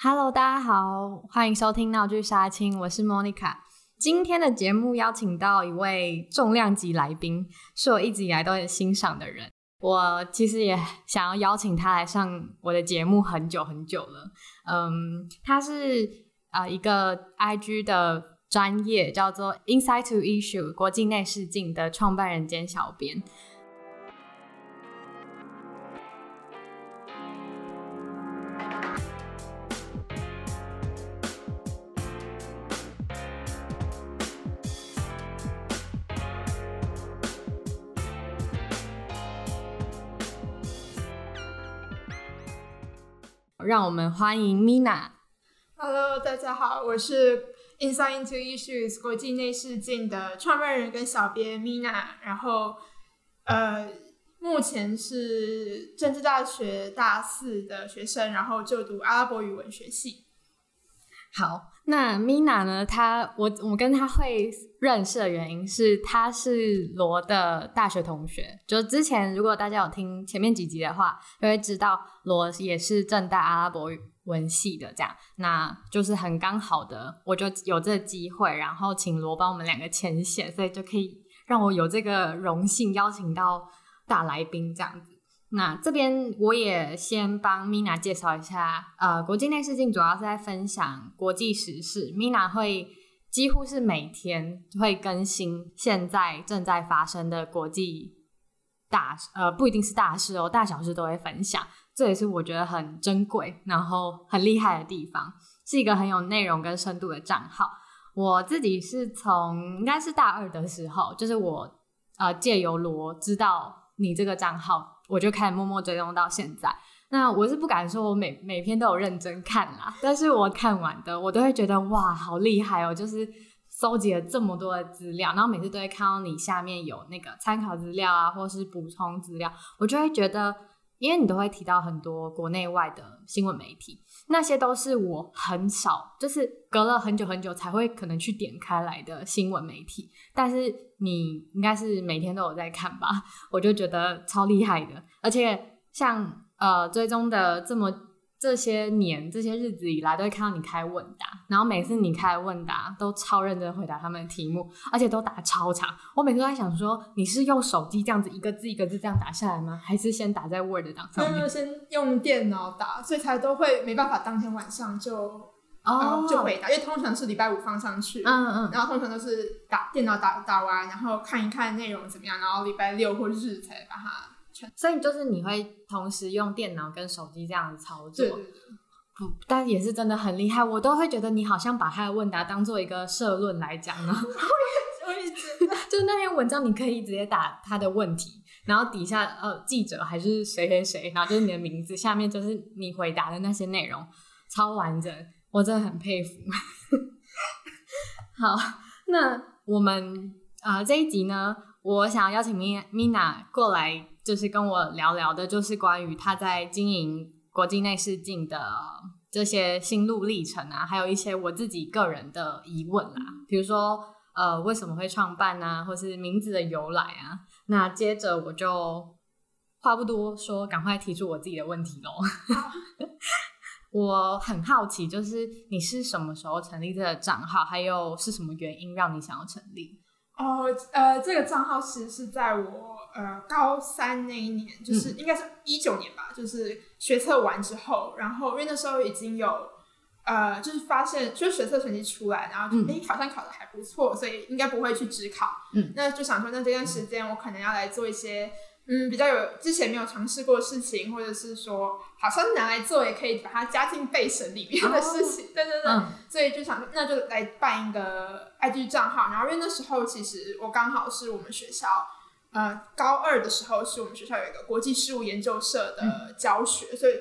Hello，大家好，歡迎收聽《鬧劇殺青》，我是 Monica。今天的節目邀請到一位重量級來賓，是我一直以來都很欣賞的人。我其實也想要邀請他來上我的節目很久很久了。嗯，他是啊、呃、一個 IG 的專業，叫做 Insight to Issues 國際內世鏡的創辦人兼小編。讓我們歡迎 Mena。Hello，大家好，我是 Insight into Issues 國際內世鏡的創辦人跟小編 Mena，然後呃，目前是政治大學大四的學生，然後就讀阿拉伯語文學系。好。那 Mena 呢，他我我跟他會認識的原因是，他是羅的大學同學。就之前如果大家有聽前面幾集的話，就會知道羅也是政大阿拉伯文系的，這樣，那就是很剛好的，我就有這個機會，然後請羅幫我們兩個牽線，所以就可以讓我有這個榮幸邀請到大來賓這樣子。那這邊我也先幫 Mena 介紹一下，呃，國際內世鏡主要是在分享國際時事，Mena 會幾乎是每天會更新現在正在發生的國際大呃不一定是大事哦、喔，大小事都會分享，這也是我覺得很珍貴然後很厲害的地方，是一個很有內容跟深度的賬號。我自己是從應該是大二的時候，就是我呃借由羅知道你這個賬號。我就開始默默追蹤到現在，那我是不敢說我每每篇都有認真看啦，但是我看完的我都會覺得哇，好厲害哦！就是蒐集了這麼多的資料，然後每次都會看到你下面有那個參考資料啊，或是補充資料，我就會覺得，因為你都會提到很多國內外的新聞媒體。那些都是我很少，就是隔了很久很久才會可能去點開來的新聞媒體，但是你應該是每天都有在看吧？我就覺得超厲害的，而且像呃追蹤的這麼。這些年這些日子以來，都會看到你開問答，然後每次你開問答都超認真回答他們的題目，而且都打超長。我每次都在想說，你是用手機這樣子一個字一個字這樣打下來嗎？還是先打在 Word 檔上面？沒有，先用電腦打，所以才都會沒辦法當天晚上就哦就回答，因為通常是禮拜五放上去，嗯嗯，然後通常都是打電腦打打完，然後看一看內容怎麼樣，然後禮拜六或日才把它。所以就是你會同時用電腦跟手機這樣子操作，不，但也是真的很厲害。我都會覺得你好像把他的問答當做一個社論來講呢。 就是那篇文章，你可以直接打他的問題，然後底下呃記者還是誰誰誰，然後就是你的名字，下面就是你回答的那些內容，超完整，我真的很佩服。 好，那我們啊、呃、這一集呢，我想要邀請 Mena 過來。就是跟我聊聊的，就是關於他在經營國際內世鏡的這些心路歷程啊，還有一些我自己個人的疑問啦、啊。比如說，呃，為什麼會創辦呢、啊？或是名字的由來啊？那接着我就話不多說，趕快提出我自己的問題嘍。 我很好奇，就是你是什麼時候成立這個賬號？還有是什麼原因讓你想要成立？哦，oh, 呃，這個賬號其實是在我呃高三那一年，就是應該是一九年吧，嗯、就是學測完之後，然後因為那時候已經有呃，就是發現，就是學測成績出來，然後哎、嗯欸，考上考的還不錯，所以應該不會去指考，嗯，那就想說，那這段時間我可能要來做一些。嗯，比較有之前沒有嘗試過的事情，或者是說，好像拿來做也可以把它加進備審裡面的事情，哦、對對對，嗯、所以就想說那就來辦一個 IG 賬號然後因為那時候，其實我剛好是我們學校，呃，高二的時候是我們學校有一個國際事務研究社的教學，嗯、所以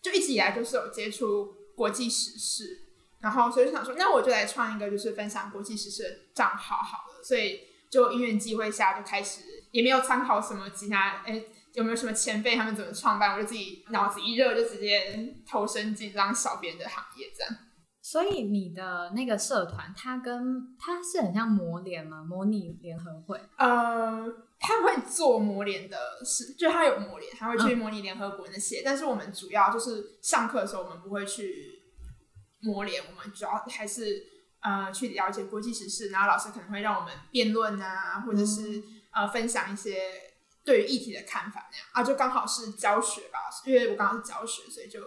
就一直以來就是有接觸國際時事，然後所以就想說，那我就來創一個就是分享國際時事的賬號好了，所以。就因緣際會下就開始，也沒有參考什麼其他，哎、欸，有沒有什麼前輩他們怎麼創辦？我就自己腦子一熱就直接投身進這樣小編的行業這樣。所以你的那個社團，它跟它是很像模聯嗎？模擬聯合會？呃，他會做模聯的事，就他有模聯，他會去模擬聯合國那些。嗯、但是我們主要就是上課的時候，我們不會去模聯，我們主要還是。呃，去了解國際時事，然後老師可能會讓我們辯論啊，或者是呃分享一些對於議題的看法那樣啊，就剛好是教學吧，因為我剛好是教學，所以就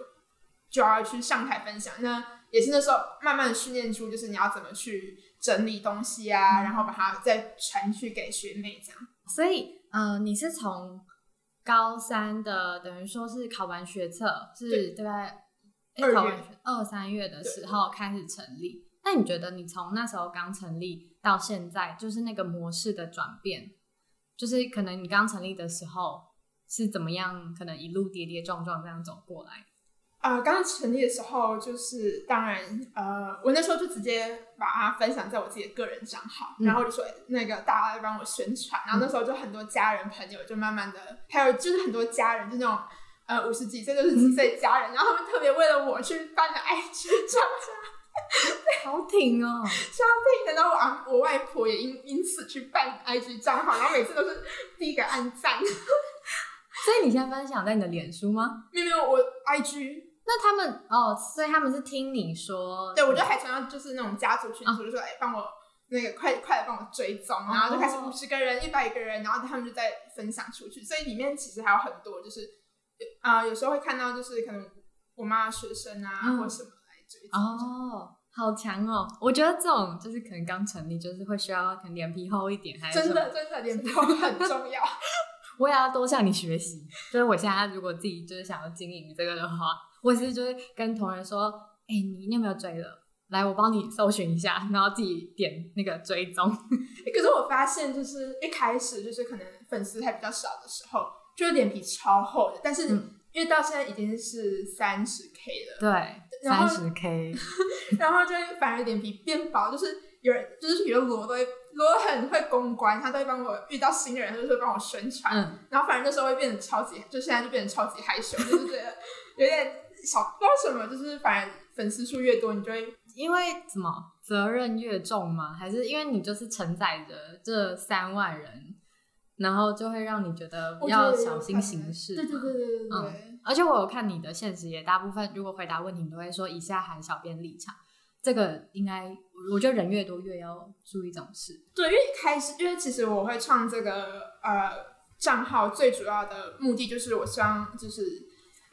就要去上台分享。那也是那時候慢慢的訓練出，就是你要怎麼去整理東西啊，嗯、然後把它再傳去給學妹這樣。所以，嗯、呃，你是從高三的等於說是考完學測，是大概二月二三月的時候開始成立？那你覺得你從那時候剛成立到現在，就是那個模式的轉變，就是可能你剛成立的時候是怎麼樣？可能一路跌跌撞撞這樣走過來。啊、呃，剛成立的時候就是，當然，呃，我那時候就直接把它分享在我自己的個人賬號，嗯、然後就說那個大家幫我宣傳。嗯、然後那時候就很多家人朋友就慢慢的，還有就是很多家人，就那種呃五十幾歲、六十幾歲家人，嗯、然後他們特別為了我去辦了愛知商家。 對好挺哦，所以然後我我外婆也因因此去辦 I G 賬號，然後每次都是第一個按讚。 所以你先分享在你的臉書嗎？沒有？沒有，我 I G。IG、那他們哦，所以他們是聽你說，對，對我就還想要就是那種家族群組，嗯、就說哎，幫我那個快快來幫我追蹤，然後就開始五十個人、一百、哦、個人，然後他們就再分享出去。所以裡面其實還有很多，就是啊、呃，有時候會看到就是可能我媽的學生啊，或什麼。追哦，好強哦！我覺得這種就是可能剛成立，就是會需要可能臉皮厚一點，還是什麼，真的真的臉皮厚很重要。 我也要多向你學習。就是我現在如果自己就是想要經營這個的話，我是就是跟同仁說：“哎、嗯欸，你有沒有追的？來，我幫你搜尋一下，然後自己點那個追蹤。 欸”可是我發現，就是一開始就是可能粉絲還比較少的時候，就是臉皮超厚的。但是、嗯、因為到現在已經是三十 K 了，對。三十 K，然後就反而臉皮變薄，就是有人，就是比如我都會，羅很會公關，他都會幫我遇到新的人，他就會幫我宣傳。嗯、然後反正那時候會變得超級，就現在就變得超級害羞，就是覺得有點小 不知道什麼。就是反正粉絲數越多，你就會因為什麼責任越重嗎？還是因為你就是承載着這三萬人，然後就會讓你覺得不要小心行事。哦、對對對對對,對嗯。而且我有看你的現實也大部分，如果回答問題你都會說以下含小編立場，這個應該，我覺得人越多越要注意這種事。對，因為一開始，因為其實我會創這個呃賬號最主要的目的就是我希望就是，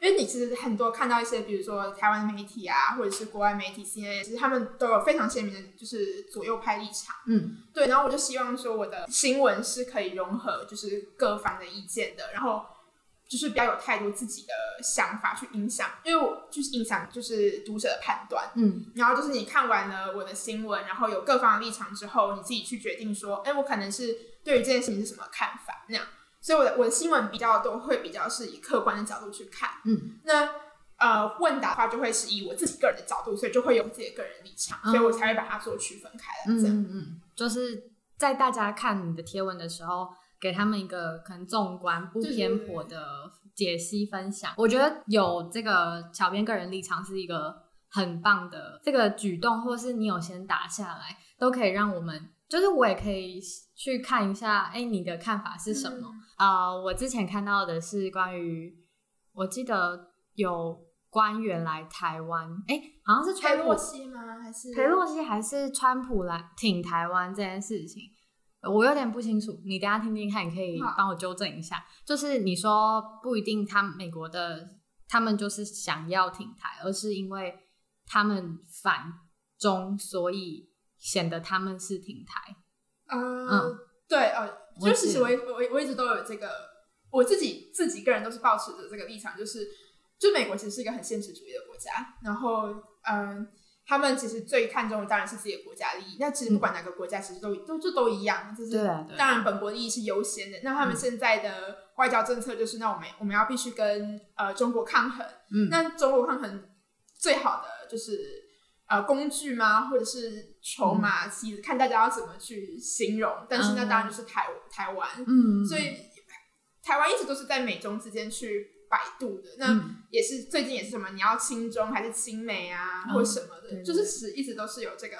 因為你其實很多看到一些，比如說台灣媒體啊，或者是國外媒體這些，其實他們都有非常鮮明的就是左右派立場。嗯，對，然後我就希望說我的新聞是可以融合就是各方的意見的，然後。就是不要有太多自己的想法去影響，因為我就是影響就是讀者的判斷，嗯，然後就是你看完了我的新聞，然後有各方的立場之後，你自己去決定說，哎、欸，我可能是對於這件事情是什麼看法那樣。所以我的我的新聞比較多會比較是以客觀的角度去看，嗯，那呃問答的話就會是以我自己個人的角度，所以就會有自己的個人的立場，嗯、所以我才會把它做區分開來，這樣嗯。嗯，就是在大家看你的貼文的時候。給他們一個可能縱觀、不偏頗的解析分享，我覺得有這個小編個人立場是一個很棒的這個舉動，或是你有先打下來，都可以讓我們，就是我也可以去看一下，哎，你的看法是什麼？呃、嗯，uh, 我之前看到的是關於，我記得有官員來台灣，哎，好像是裴洛西嗎？還是裴洛西還是川普來挺台灣這件事情。我有點不清楚，你等一下聽聽看，你可以幫我糾正一下。嗯、就是你說不一定他們，他美國的他們就是想要挺台，而是因為他們反中，所以顯得他們是挺台。啊、呃，嗯、對，哦、呃，是就是我我我一直都有這個，我自己自己個人都是抱持著這個立場，就是就美國其實是一個很現實主義的國家，然後嗯。呃他們其實最看重的當然是自己的國家利益。那其實不管哪個國家，其實都都這、嗯、都一樣，就是、對啊、對啊、當然本國的利益是優先的。那他們現在的外交政策就是，那我們、嗯、我們要必須跟呃中國抗衡。嗯、那中國抗衡最好的就是呃工具嗎？或者是籌碼？其實、嗯、看大家要怎麼去形容。但是那當然就是台、嗯、台灣。嗯，所以台灣一直都是在美中之間去。百度的那也是、嗯、最近也是什麼你要親中還是親美啊，嗯、或什麼的，對對對，就是其實一直都是有這個，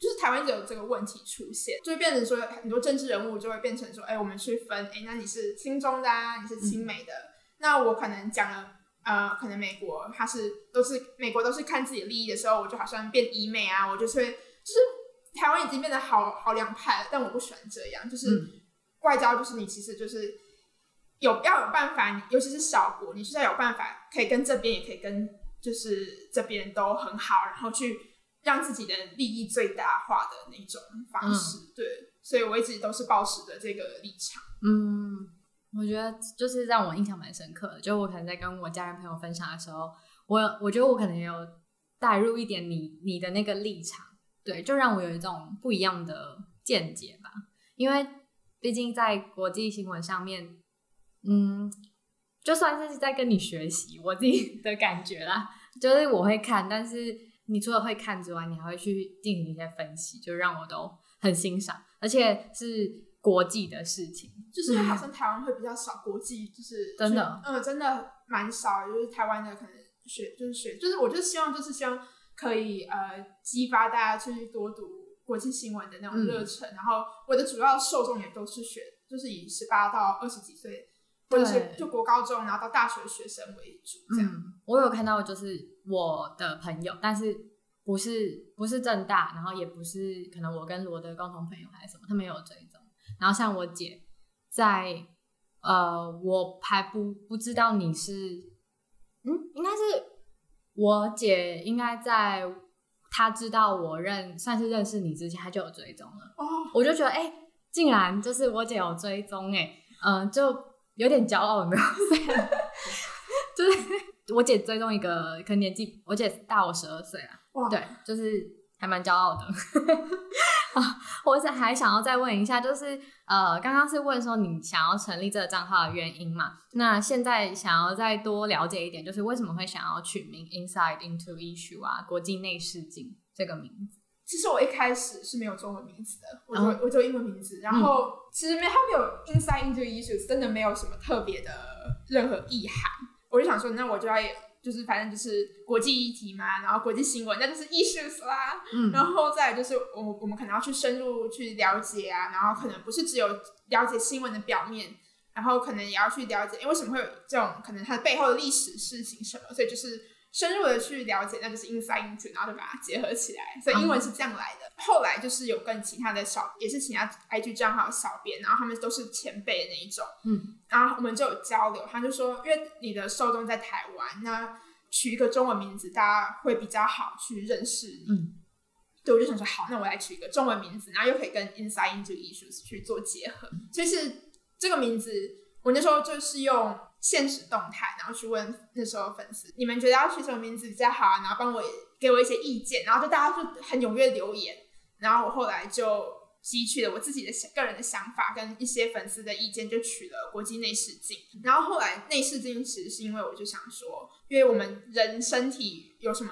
就是台灣就有這個問題出現，就變成說很多政治人物就會變成說，哎、欸，我們去分，哎、欸，那你是親中的、啊，你是親美的，嗯、那我可能講了，呃，可能美國他是都是美國都是看自己利益的時候，我就好像變醫美啊，我就是會就是台灣已經變得好好兩派了，但我不喜歡這樣，就是外、嗯、交，就是你其實就是。有要有辦法，尤其是小國，你是要有辦法可以跟這邊，也可以跟就是這邊都很好，然後去讓自己的利益最大化的那種方式。嗯、對，所以我一直都是抱持著這個立場。嗯，我覺得就是讓我印象蠻深刻的，就我可能在跟我家人朋友分享的時候，我我覺得我可能也有帶入一點你你的那個立場，對，就讓我有一種不一樣的見解吧。因為畢竟在國際新聞上面。嗯，就算是在跟你學習，我自己的感覺啦，就是我會看，但是你除了會看之外，你還會去進行一些分析，就讓我都很欣賞，而且是國際的事情，就是好像台灣會比較少、嗯、國際，就是真的，嗯，真的蠻少，就是台灣的可能學就是學就是，我就希望就是希望可以呃激發大家去多讀國際新聞的那種熱忱，嗯、然後我的主要受眾也都是選就是以十八到二十幾歲。就對是就國高中，然後到大學學生為主，這樣、嗯。我有看到，就是我的朋友，但是不是不是政大，然後也不是可能我跟羅的共同朋友還是什麼，他們有追蹤。然後像我姐在，在呃，我還不不知道你是，嗯，應該是我姐應該在她知道我認算是認識你之前，她就有追蹤了。哦，我就覺得哎、欸，竟然就是我姐有追蹤、欸，哎，嗯，就。有點驕傲有沒有？你知道嗎？就是我姐追蹤一個，可能年紀我姐大我十二歲了，哇！對，就是還蠻驕傲的。 我是還想要再問一下，就是呃，剛剛是問說你想要成立這個賬號的原因嘛？那現在想要再多了解一點，就是為什麼會想要取名 “Insight Into Issues” 啊？國際內世鏡這個名字。其實我一開始是沒有中文名字的，uh huh. 我只有我只有英文名字。嗯、然後其實沒 have 有,有 insight into issues，真的沒有什麼特別的任何意涵。我就想說，那我就要就是反正就是國際議題嘛，然後國際新聞那就是 issues 啦。嗯、然後再就是我我們可能要去深入去了解啊，然後可能不是只有了解新聞的表面，然後可能也要去了解，因為什麼會有這種可能它的背後的歷史事情什麼，所以就是。深入的去了解，那就是 insight into，然後就把它結合起來，所以英文是這樣來的。嗯、後來就是有跟其他的小，也是其他 IG 賬號的小編，然後他們都是前輩的那一種，嗯，然後我們就有交流，他就說，因為你的受眾在台灣，那取一個中文名字，大家會比較好去認識你。嗯，對，我就想說，好，那我來取一個中文名字，然後又可以跟 insight into issues 去做結合，嗯、所以是這個名字，我那時候就是用。限時動態，然後去問那時候粉絲，你們覺得要取什麼名字比較好啊？然後幫我給我一些意見，然後就大家就很踴躍留言，然後我後來就吸取了我自己的個人的想法跟一些粉絲的意見，就取了國際內世鏡。然後後來內視鏡其實是因為我就想說，因為我們人身體有什麼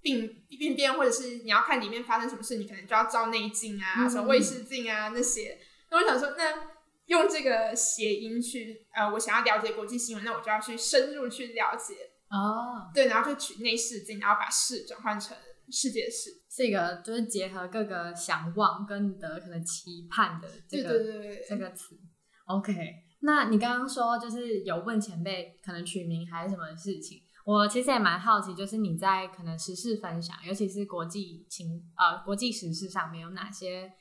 病病變，或者是你要看裡面發生什麼事，你可能就要照內鏡啊，什麼胃視鏡啊那些。嗯嗯，那我想說那。用這個諧音去，呃，我想要了解國際新聞，那我就要去深入去了解哦。對，然後就取內視鏡，然後把視轉換成世界世，這個就是結合各個想望跟你的可能期盼的這個對對對對這個詞。OK，那你剛剛說就是有問前輩可能取名還是什麼事情，我其實也蠻好奇，就是你在可能時事分享，尤其是國際情呃國際時事上面有哪些？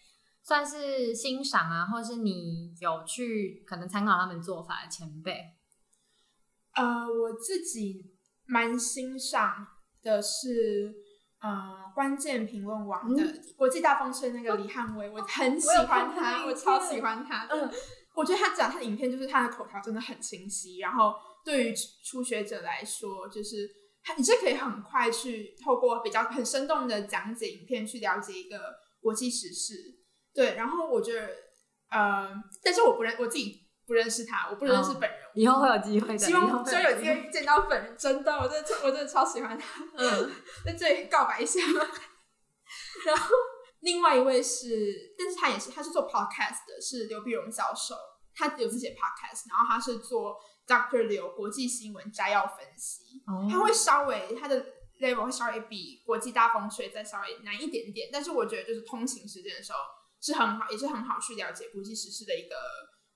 算是欣賞啊，或是你有去可能參考他們做法的前輩。呃，我自己蠻欣賞的是，呃，關鍵評論網的國際大風吹那個李漢威，嗯、我很喜歡他，我，他我超喜歡他。嗯、我覺得他講他的影片，就是他的口條真的很清晰，然後對於初學者來說，就是你是可以很快去透過比較很生動的講解影片去了解一個國際時事。對，然後我覺得，呃，但是我不認我自己不認識他，我不認識本人，哦，以後會有機會的，希望。所以有機會見到本人，本人，真的，真的，我真的，我真的超喜歡他。嗯，在這裡告白一下 然後另外一位是，但是他也是，他是做 podcast 的，是劉必榮教授，他有自己的 podcast，然後他是做 Dr. 劉國際新聞摘要分析，嗯，他會稍微他的 level 會稍微比國際大風吹再稍微難一點點，但是我覺得就是通勤時間的時候。是很好，也是很好去了解國際時事的一個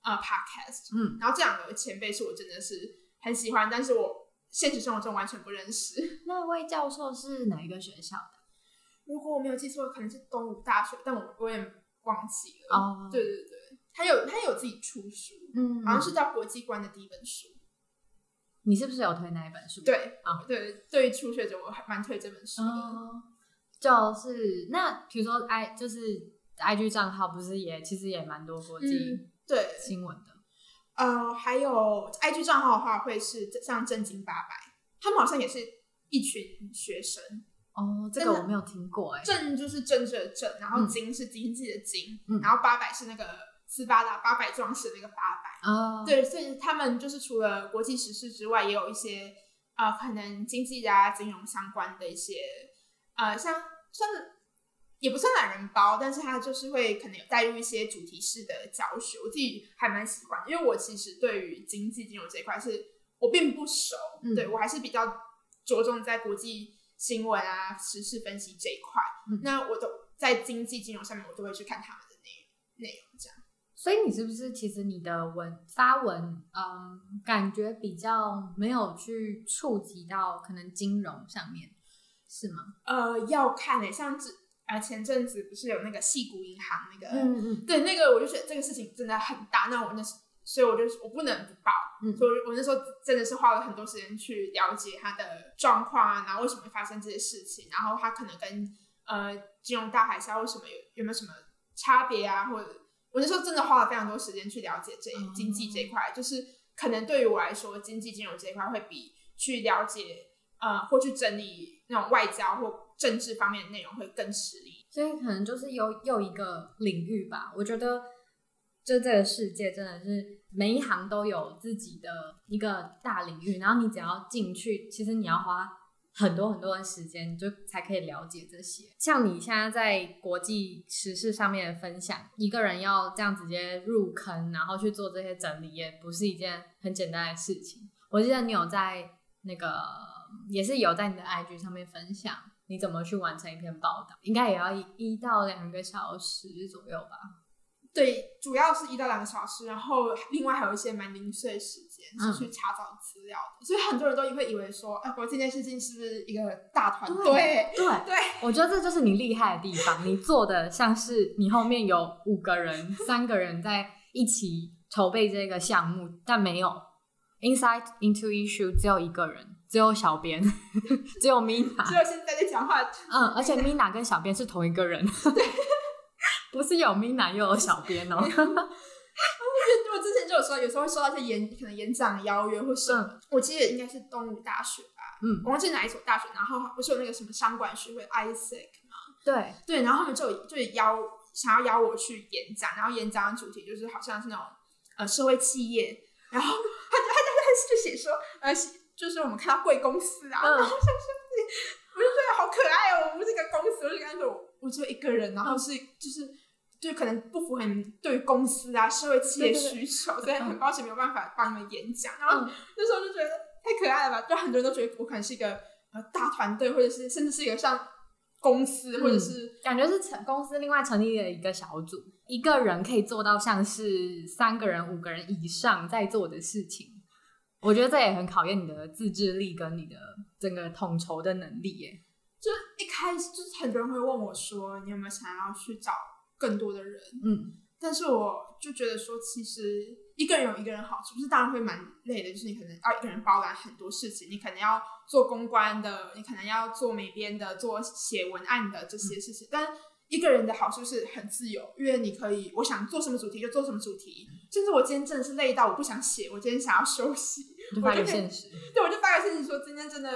呃、uh, podcast。嗯，然後這兩個前輩是我真的是很喜歡，但是我現實生活中完全不認識。那位教授是哪一個學校的？如果我沒有記錯，可能是東吳大學，但我我也忘記了。哦，對對對，他有他有自己出書，嗯，好像是叫《國際觀》的第一本書。你是不是有推那一本書？對，啊、哦、對，對對，對於初學者我還蠻推這本書的。就是那比如說，哎，就是。I G 賬號不是也其實也蠻多國際、嗯、對新聞的，呃，還有 I G 賬號的話會是像政經八百，他們好像也是一群學生。哦，這個我沒有聽過、欸，哎，政就是政治的政，然後經是經濟的經，嗯、然後八百是那個斯巴達八百壯士那個八百、嗯，哦，對，所以他們就是除了國際時事之外，也有一些啊、呃，可能經濟啊、金融相關的一些呃，像像是。也不算懶人包，但是他就是會可能有帶入一些主題式的教學，我自己還蠻喜歡，因為我其實對於經濟金融這一塊是我並不熟，嗯、對我還是比較着重在國際新聞啊、時事分析這一塊。嗯、那我都在經濟金融上面，我都會去看他們的內容內容，這樣。所以你是不是其實你的文發文，嗯、呃，感覺比較沒有去觸及到可能金融上面，是嗎？呃，要看誒、欸，像這。啊，前陣子不是有那個矽谷銀行那個，嗯嗯對，那個我就覺得這個事情真的很大，那我那所以我就是我不能不報，嗯、所以，我那時候真的是花了很多時間去了解它的狀況、啊，然後為什麼會發生這些事情，然後它可能跟呃金融大海嘯為什麼有有沒有什麼差別啊？或者我那時候真的花了非常多時間去了解這、嗯、經濟這一塊，就是可能對於我來說，經濟金融這一塊會比去了解呃或去整理那種外交或政治方面的內容會更吃力，所以可能就是又又一個領域吧。我覺得，就這個世界真的是每一行都有自己的一個大領域，嗯、然後你只要進去，其實你要花很多很多的時間，就才可以了解這些。像你現在在國際時事上面的分享，嗯、一個人要這樣直接入坑，然後去做這些整理，也不是一件很簡單的事情。我記得你有在那個，也是有在你的 IG 上面分享。你怎麼去完成一篇報道？應該也要一一到兩個小時左右吧。對，主要是一到兩個小時，然後另外還有一些蠻零碎時間是去查找資料的。嗯、所以很多人都會以為說，哎、啊，我這件事情是一個大團隊。對對對，我覺得這就是你厲害的地方，你做的像是你後面有五個人、 三個人在一起籌備這個項目，但沒有 insight into issue，只有一個人。只有小編，只有 Mina，只有現在在講話。嗯，而且 Mina 跟小編是同一個人。對， 不是有 Mina 又有小編哦、喔。因為、嗯、 之前就有說，有時候會收到一些演，可能演講邀約或，或是、嗯、我記得應該是東吳大學吧。嗯，我忘記哪一所大學。然後不是有那個什麼商管學會 ISEC 嗎？對，對，然後他們就就邀想要邀我去演講，然後演講的主題就是好像是那種呃社會企業。然後他他他他就寫說呃。就是我們看到貴公司啊，嗯、然後我想說你， 我就覺得好可愛哦，我不是一個公司，我就跟他說我只有一個人，然後是、嗯、就是就可能不符合你對公司啊社會企業需求，嗯、所以很抱歉沒有辦法幫你們演講。然後那時候就覺得、嗯、太可愛了吧，就很多人都覺得我可能是一個呃大團隊，或者是甚至是一個像公司，或者是、嗯、感覺是成公司另外成立的一個小組，一個人可以做到像是三個人、五個人以上在做的事情。我覺得這也很考驗你的自制力跟你的整個統籌的能力耶。就一開始，就是很多人會問我說，你有沒有想要去找更多的人？嗯，但是我就覺得說，其實一個人有一個人好處，就是當然會蠻累的，就是你可能要一個人包攬很多事情，你可能要做公關的，你可能要做美編的，做寫文案的這些事情，嗯、但。一個人的好處是很自由，因為你可以我想做什麼主題就做什麼主題，甚、就、至、是、我今天真的是累到我不想寫，我今天想要休息，對，我就發個信息說今天真的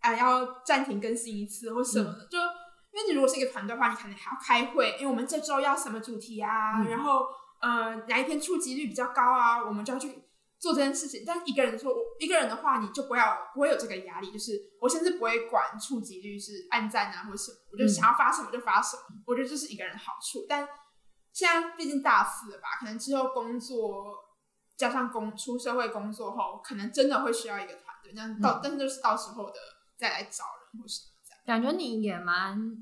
啊、呃、要暫停更新一次或什麼的，嗯、就因為你如果是一個團隊的話，你肯定還要開會，因、欸、為我們這週要什麼主題啊，嗯、然後嗯、呃、哪一天觸及率比較高啊，我們就要去。做這件事情，但一個人說，我一個人的話，你就不要不會有這個壓力，就是我甚至不會管觸及率是按讚啊，或什麼，我就想要發什麼就發什麼，嗯、我覺得這是一個人好處。但現在畢竟大四了吧，可能之後工作加上工出社會工作後，可能真的會需要一個團隊，那到、嗯、但是就是到時候的再來找人或什麼這樣。感覺你也蠻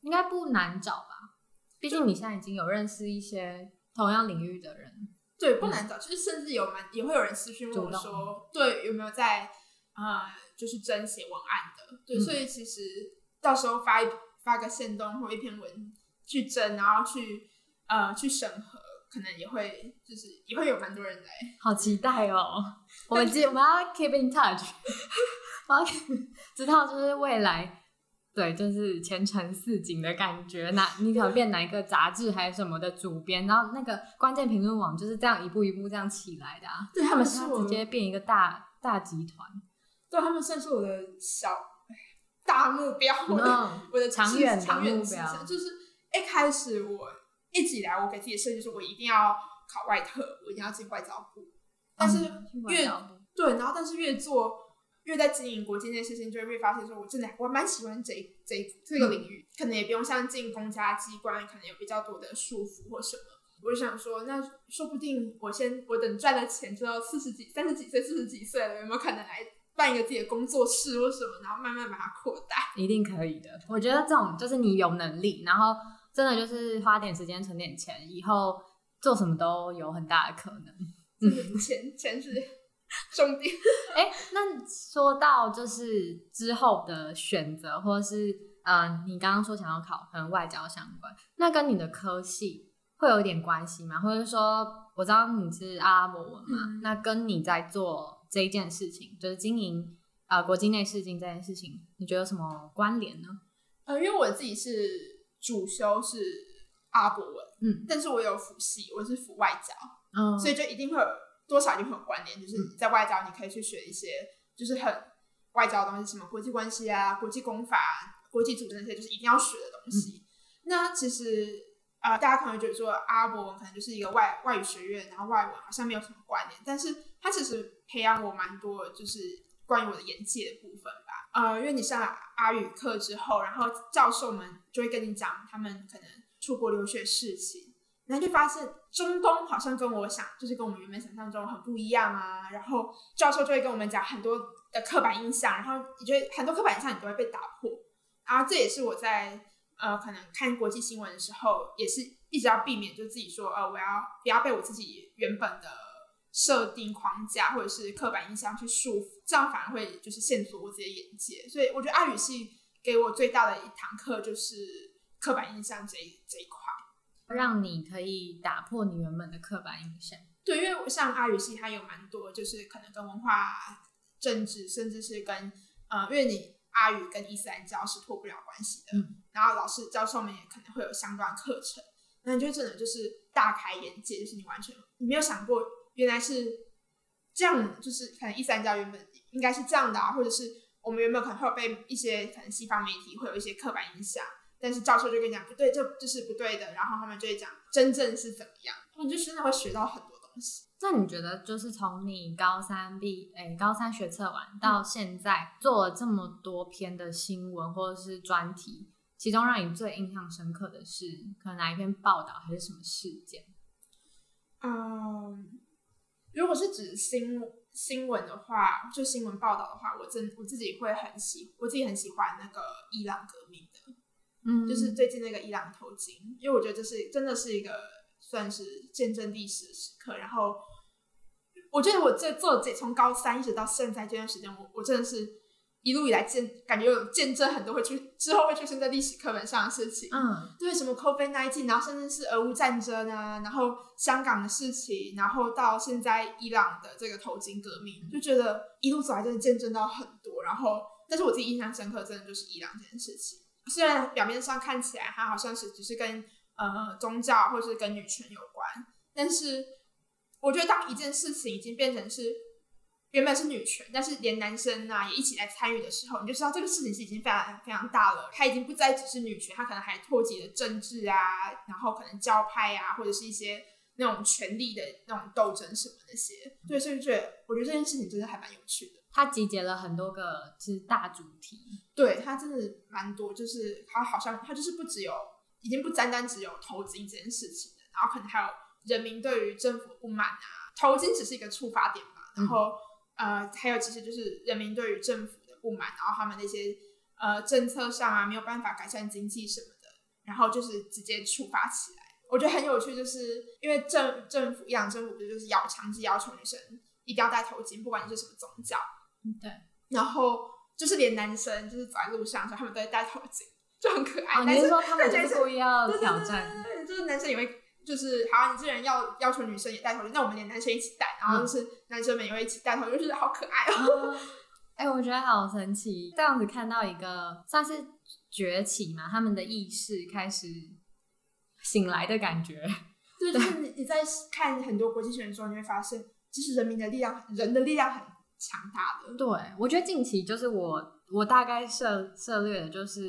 應該不難找吧，畢竟你現在已經有認識一些同樣領域的人。對，不難找，其實、嗯、甚至有蠻也會有人私訊問我說，動對，有沒有在啊、呃，就是徵寫文案的？對，嗯、對所以其實到時候發一發個限動或一篇文去徵，然後去呃去審核，可能也會就是也會有蠻多人來，好期待哦！我們記 我們要 keep in touch， 知道就是,是未來。對，就是前程似錦的感覺。那你想變哪一個雜誌還是什麼的主編？對然後那個關鍵評論網就是這樣一步一步這樣起來的啊。對，他們是我直接變一個大大集團。對，他們算是我的小大目標，們我的我的長遠長遠目標遠。就是一開始我一直以來我給自己設計是，我一定要考外特，我一定要進外交部。嗯、但是越對，然後但是越做。因為在經營國際這件事情，就會被發現說，我真的我蠻喜歡這一這這個領域，嗯、可能也不用像進公家機關，可能有比較多的束縛或什麼。我就想說，那說不定我先我等賺了錢，就到四十幾、三十幾歲、四十幾歲了，有沒有可能來辦一個自己的工作室或什麼，然後慢慢把它擴大？一定可以的。我覺得這種就是你有能力，然後真的就是花點時間存點錢，以後做什麼都有很大的可能。嗯錢，錢錢是。嗯重點，哎終、 欸，那說到就是之後的選擇，或者是呃，你剛剛說想要考跟外交相關，那跟你的科系會有一點關係嗎？或者說，我知道你是阿拉伯文嘛，那跟你在做這件事情，就是經營啊、呃，國際內世鏡這件事情，你覺得有什麼關聯呢？呃，因為我自己是主修是阿拉伯文，嗯，但是我有輔系，我是輔外交，嗯，所以就一定會有。多少一定會有關聯，就是你在外交，你可以去學一些就是很外交的東西，什麼國際關係啊、國際公法、啊、國際組織那些，就是一定要學的東西。嗯、那其實啊、呃，大家可能覺得說阿伯可能就是一個外外語學院，然後外文好像沒有什麼關聯，但是他其實培養我蠻多，就是關於我的眼界的部分吧。呃，因為你上了阿語課之後，然後教授們就會跟你講他們可能出國留學的事情。然後就發現中東好像跟我想，就是跟我們原本想象中很不一樣啊。然後教授就會跟我們講很多的刻板印象，然後你覺得很多刻板印象你都會被打破。然後這也是我在呃可能看國際新聞的時候，也是一直要避免，就自己說呃我要不要被我自己原本的設定框架或者是刻板印象去束縛？這樣反而會就是限制我自己的眼界。所以我覺得阿語系給我最大的一堂課就是刻板印象這一這一塊。讓你可以打破你原本的刻板印象，對，因為像阿語系，它有蠻多，就是可能跟文化、政治，甚至是跟，呃，因為你阿語跟伊斯蘭教是脫不了關係的，嗯，然後老師教授們也可能會有相關的課程，那你就真的就是大開眼界，就是你完全你沒有想過，原來是這樣，就是可能伊斯蘭教原本應該是這樣的啊，或者是我們原本可能會被一些可能西方媒體會有一些刻板印象。但是教授就跟你講不對，這這、就是不對的。然後他們就會講真正是怎麼樣，他們就真的會學到很多東西。那你覺得就是從你高三畢，哎、欸，高三學測完到現在、嗯、做了這麼多篇的新聞或者是專題，其中讓你最印象深刻的是可能哪一篇報道還是什麼事件？嗯，如果是指新新聞的話，就新聞報道的話，我真我自己會很喜，我自己很喜歡那個伊朗革命。嗯，就是最近那個伊朗頭巾，因為我覺得這是真的是一個算是見證歷史的時刻。然後我覺得我這做這從高三一直到現在這段時間，我我真的是一路以來見感覺有見證很多會出之後會出現在歷史課本上的事情。嗯，對，什麼 COVID-19，然後甚至是俄烏戰爭啊，然後香港的事情，然後到現在伊朗的這個頭巾革命，就覺得一路走來真的見證到很多。然後，但是我自己印象深刻，真的就是伊朗這件事情。雖然表面上看起來它好像是只是跟呃宗教或是跟女權有關，但是我覺得當一件事情已經變成是原本是女權，但是連男生啊也一起來參與的時候，你就知道這個事情是已經非常非常大了。它已經不再只是女權，它可能還脫節了政治啊，然後可能教派啊，或者是一些那種權力的那種鬥爭什麼那些。對，是不是？我覺得這件事情真的還蠻有趣的。他集結了很多個，就是大主題。對，他真的蠻多，就是他好像他就是不只有，已經不單單只有頭巾一件事情了，然後可能還有人民對於政府的不滿啊，頭巾只是一個觸發點嘛。然後，嗯、呃，還有其實就是人民對於政府的不滿，然後他們那些呃政策上啊沒有辦法改善經濟什麼的，然後就是直接觸發起來。我覺得很有趣，就是因為政政府伊朗政府不就是要強制要求女生一定要戴頭巾，不管你是什麼宗教。對，然後就是連男生就是走在路上的時候，他們都會戴頭巾，就很可愛。哦、男生說他們就是要挑戰，對對對對，就是男生也會，就是好像你既然要要求女生也戴頭巾，那我們連男生一起戴，嗯、然後就是男生們也會一起戴頭巾，就是好可愛哦。哎、呃欸，我覺得好神奇，這樣子看到一個算是崛起嘛，他們的意識開始醒來的感覺。嗯、 對，就，就是你你在看很多國際新聞的時候，你會發現，其實人民的力量，人的力量很強大的，對我覺得近期就是我我大概涉獵的就是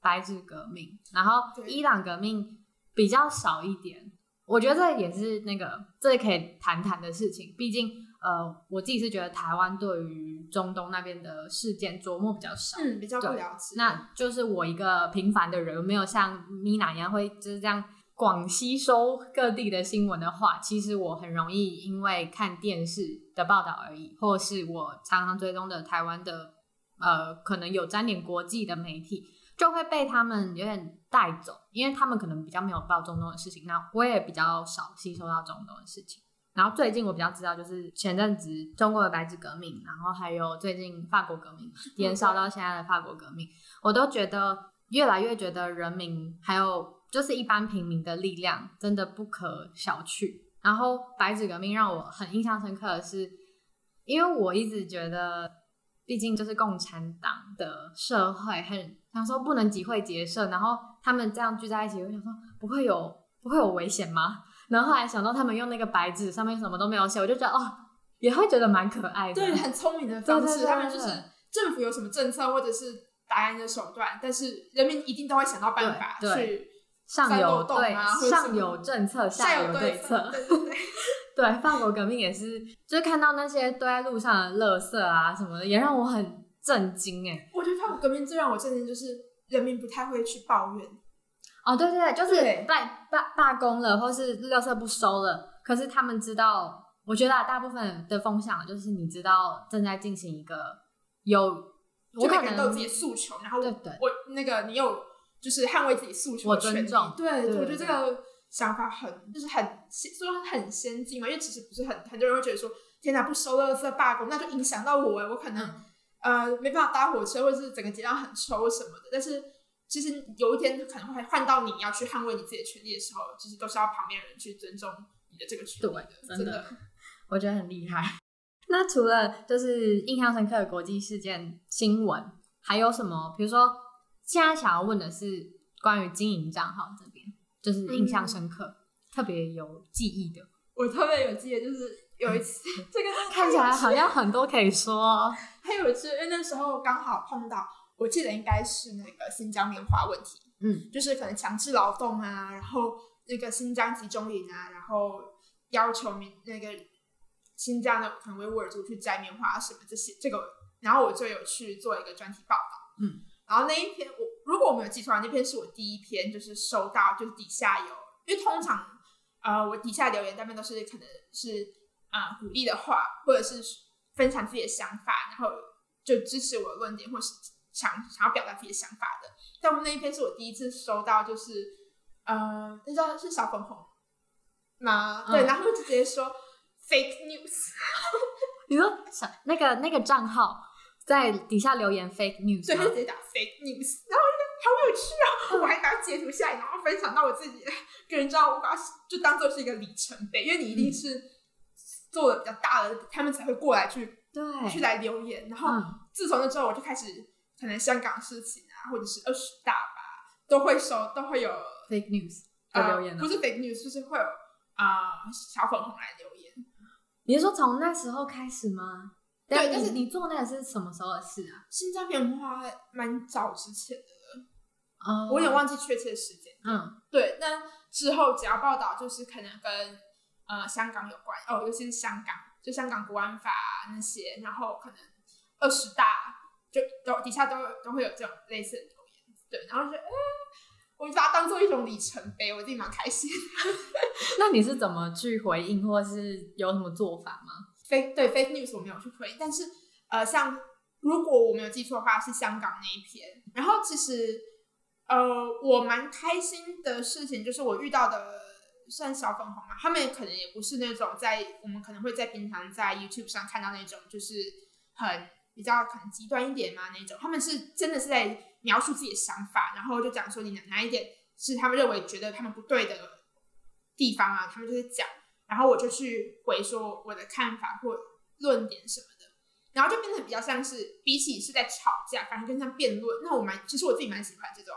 白紙革命，然後伊朗革命比較少一點，對我覺得這也是那個這可以談談的事情，畢竟呃我自己是覺得台灣對於中東那邊的事件琢磨比較少，嗯，比較不了解，那就是我一個平凡的人，沒有像米娜一樣會就是這樣。廣吸收各地的新聞的話，其實我很容易因為看電視的報道而已，或是我常常追蹤的台灣的，呃，可能有沾點國際的媒體，就會被他們有點帶走，因為他們可能比較沒有報中東的事情，那我也比較少吸收到中東的事情。然後最近我比較知道就是前陣子中國的白紙革命，然後還有最近法國革命延燒 到現在的法國革命，我都覺得越來越覺得人民還有。就是一般平民的力量真的不可小覷。然後白紙革命讓我很印象深刻的是，因為我一直覺得，畢竟就是共產黨的社會，很想說不能集會結社，然後他們這樣聚在一起，我想說不會有，不會有危險嗎？然後後來想到他們用那個白紙上面什麼都沒有寫，我就覺得哦，也會覺得蠻可愛的，對，很聰明的方式。對對對對，他們就是政府有什麼政策或者是打壓的手段，但是人民一定都會想到辦法去對。對上有對，上有政策，下有對策。對、策 對，法國革命也是，就是看到那些堆在路上的垃圾啊什麼的，也讓我很震驚哎、欸。我覺得法國革命最讓我震驚就是，人民不太會去抱怨。哦，對對對，就是罷罷對罷工了，或是垃圾不收了，可是他們知道。我覺得大部分的風向就是，你知道正在進行一個有，個有我可能都有自己的訴求，然後對、對，我那個你有。就是捍衛自己訴求的權利，我尊重，對我覺得這個想法很就是很說很先進嘛，因為其實不是很很多人會覺得說，天哪，不收垃圾罷工，那就影響到我哎，我可能、嗯、呃沒辦法搭火車，或者是整個街道很臭什麼的。但是其實有一天就可能會換到你要去捍衛你自己的權利的時候，其實都是要旁邊人去尊重你的這個權利的，對，真的，真的，我覺得很厲害。那除了就是印象深刻的國際事件新聞，還有什麼？比如說。現在想要問的是關於經營賬號這邊，就是印象深刻、嗯、特別有記憶的。我特別有記憶的，就是有一次，嗯、這個看起來好像很多可以說、哦。以說哦、還有一次，因為那時候剛好碰到，我記得應該是那個新疆棉花問題，嗯，就是可能強制勞動啊，然後那個新疆集中營啊，然後要求民那個新疆的可能維吾爾族去摘棉花、啊、什麼這些，這個，然後我就有去做一個專題報道，嗯。然後那一篇，我如果我沒有記錯，那篇是我第一篇，就是收到，就是底下有，因為通常，呃，我底下留言大部分都是可能是，呃，鼓勵的話，或者是分享自己的想法，然後就支持我的論點，或是想想要表達自己的想法的。但我們那一篇是我第一次收到，就是，呃，你知道是小粉紅嗎？嗯、對，然後就直接說 fake news， 你說那個那個賬號。在底下留言 fake news，對直接打 fake news，然後我覺得好有趣啊，喔，嗯、我還拿截圖下來，然後分享到我自己，跟人知道，我把就當做是一個里程碑，因為你一定是做的比較大的，嗯、他們才會過來去對去來留言。然後自從那之後，我就開始、嗯、可能香港事情啊，或者是二十大吧，都會收都會有 fake news 啊、呃、留言，喔，不是 fake news，就是會有啊、呃、小粉紅來留言。你是說從那時候開始嗎？對，但是你做那個是什麼時候的事啊？新疆棉花還蠻早之前的了，uh, 我也忘記確切時間。嗯，對。那之後只要報道，就是可能跟呃香港有關哦，尤其是香港，就香港國安法、啊、那些，然後可能二十大就都底下都都會有這種類似的留言。對，然後就、欸、我就把它當做一種里程碑，我自己蠻開心。 那你是怎麼去回應，或者是有什麼做法嗎？對 fake news 我沒有去推，但是呃，像如果我沒有記錯的話，是香港那一篇。然後其實呃，我蠻開心的事情就是我遇到的算小粉紅嘛，他們可能也不是那種在我們可能會在平常在 YouTube 上看到那種就是很比較很極端一點嘛那種，他們是真的是在描述自己的想法，然後就講說你哪一點是他們認為覺得他們不對的地方啊，他們就是講。然後我就去回說我的看法或論點什麼的，然後就變得比較像是比起是在吵架，反而更像辯論。那我蠻其實我自己蠻喜歡這種